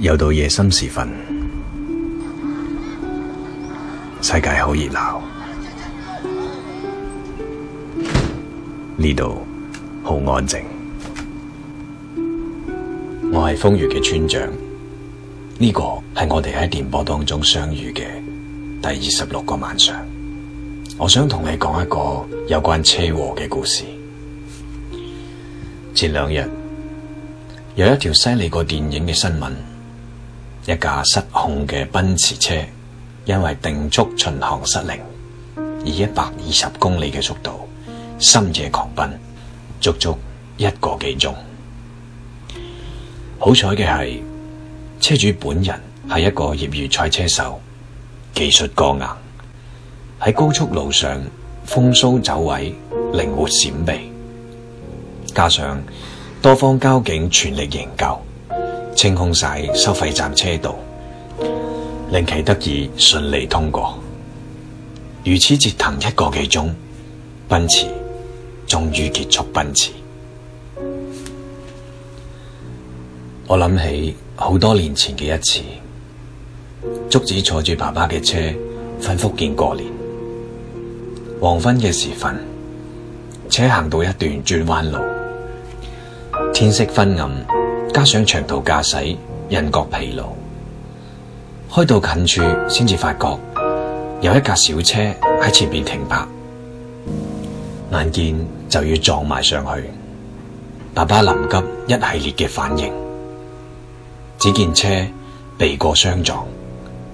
又到夜深時分，世界好熱鬧，呢度好安靜。 我係瘋粵嘅村長，呢個係我哋喺電波當中相遇嘅第二十六個晚上。我想同你講一個有關車禍嘅故事。前兩日有一條犀利過電影嘅新聞。一架失控嘅奔馳車，因為定速巡航失靈，以一百二十公里嘅速度深夜狂奔，足足一個幾鐘。好彩嘅係車主本人係一個業餘賽車手，技術過硬，喺高速路上風騷走位，靈活閃避，加上多方交警全力營救。清空晒收費站車道，令其得以順利通過。如此折騰一個幾鐘，奔馳終於結束奔馳。我諗起好多年前嘅一次，竹子坐住爸爸嘅車返福建過年。黃昏嘅時分，車行到一段轉彎路，天色昏暗。加上長途駕駛，人覺疲勞，開到近處先至發覺有一架小車喺前面停泊，眼見就要撞埋上去，爸爸臨急一系列嘅反應，只見車避過相撞，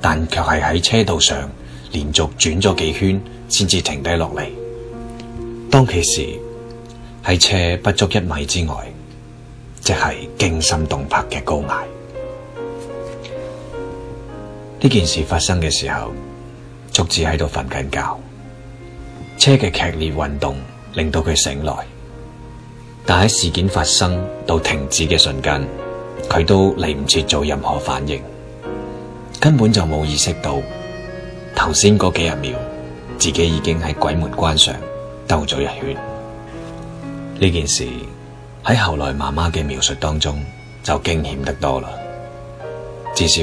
但卻係喺車道上連續轉咗幾圈先至停低落嚟。當其時喺車不足一米之外，即係。驚心動魄嘅高崖，呢件事發生嘅時候，竹子喺度瞓緊覺，車嘅劇烈運動令到佢醒來，但喺事件發生到停止嘅瞬間，佢都嚟唔切做任何反應，根本就冇意識到頭先嗰幾十秒自己已經喺鬼門關上兜咗一圈，呢件事。喺後來媽媽嘅描述當中，就驚險得多啦，至少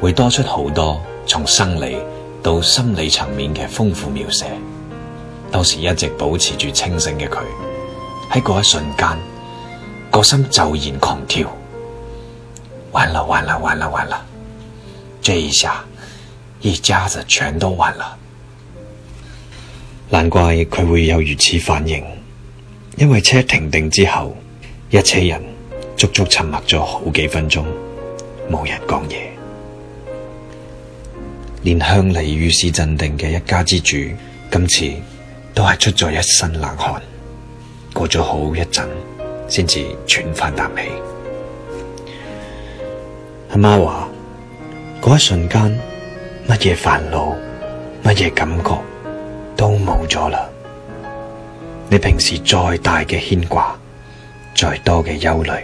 會多出好多從生理到心理層面嘅豐富描寫。當時一直保持住清醒嘅佢，喺嗰一瞬間，個心驟然狂跳，完了完了完了完了，這一下一家子全都完了。難怪佢會有如此反應，因為車停定之後，一車人足足沉默咗好幾分鐘，冇人講嘢。連向嚟遇事鎮定嘅一家之主，今次都係出咗一身冷汗。過咗好一陣，先至喘翻啖氣。阿媽話：嗰一瞬間，乜嘢煩惱，乜嘢感覺，都冇咗啦。你平時再大嘅牽掛。再多嘅憂慮，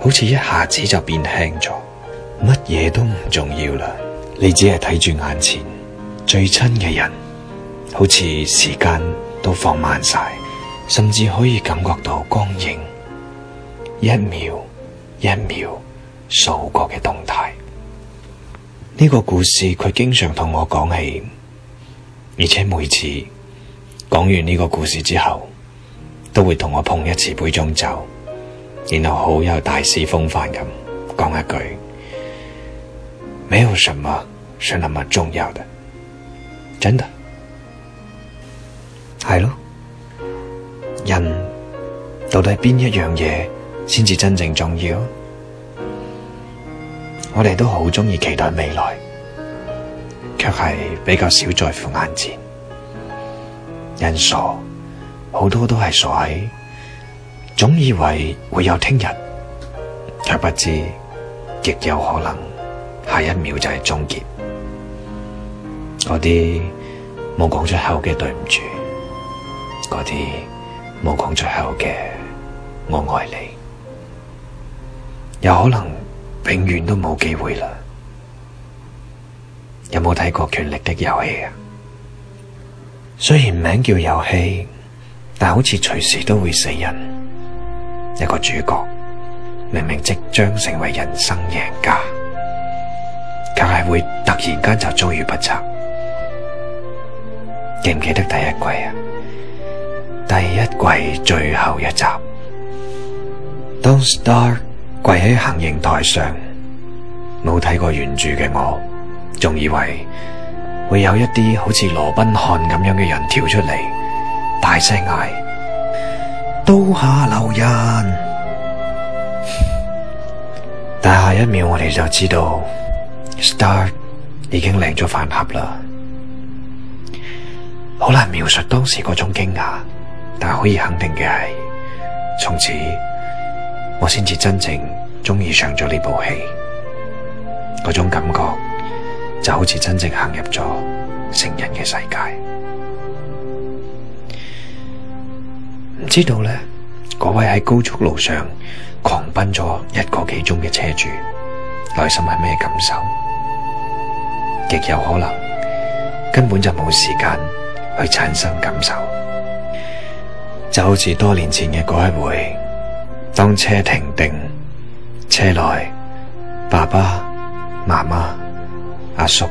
好似一下子就變輕咗，乜嘢都唔重要啦。你只係睇住眼前最親嘅人，好似時間都放慢晒，甚至可以感覺到光影一秒一秒數過嘅動態。呢個故事佢經常同我講起，而且每次講完呢個故事之後。都會同我碰一次杯中酒，然後好有大師風範咁講一句：沒有什麼係那麼重要的，真的係咯。人到底邊一樣嘢先至真正重要？我哋都好鍾意期待未來，卻係比較少在乎眼前。人傻。好多都係傻氣，總以為會有聽日，卻不知亦有可能下一秒就係終結。嗰啲冇講出口嘅對唔住，嗰啲冇講出口嘅我愛你，有可能永遠都冇機會啦。有冇睇過《權力的遊戲》啊？雖然名叫遊戲。但好似隨時都會死人，一個主角明明即將成為人生贏家，卻係會突然間就遭遇不測。記唔記得第一季啊？第一季最後一集，當 Stark 跪喺行刑台上，冇睇過原著嘅我，仲以為會有一啲好似羅賓漢咁樣嘅人跳出嚟。大聲嗌，刀下留人！ 但下一秒我哋就知道 ，Stark 已經領咗飯盒啦。好難描述當時嗰種驚訝，但可以肯定嘅係，從此我先至真正中意上咗呢部戲。嗰種感覺就好似真正行入咗成人嘅世界。知道呢位喺高速路上狂奔咗一個幾鐘嘅車主，內心係咩感受？亦有可能根本就冇時間去產生感受，就好似多年前嘅嗰一回，當車停定，車內爸爸、媽媽、阿叔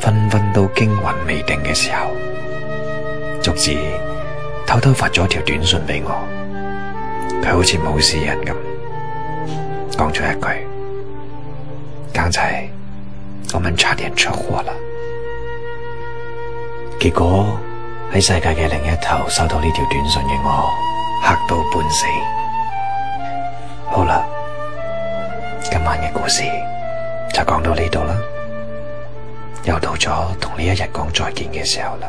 紛紛都驚魂未定嘅時候，竹子，偷偷發咗條短信俾我，佢好似冇事人咁講咗一句：剛才，我們差點車禍啦！結果喺世界嘅另一頭收到呢條短信嘅我，吓到半死。好啦，今晚嘅故事就講到呢度啦，又到咗同呢一日講再見嘅時候啦。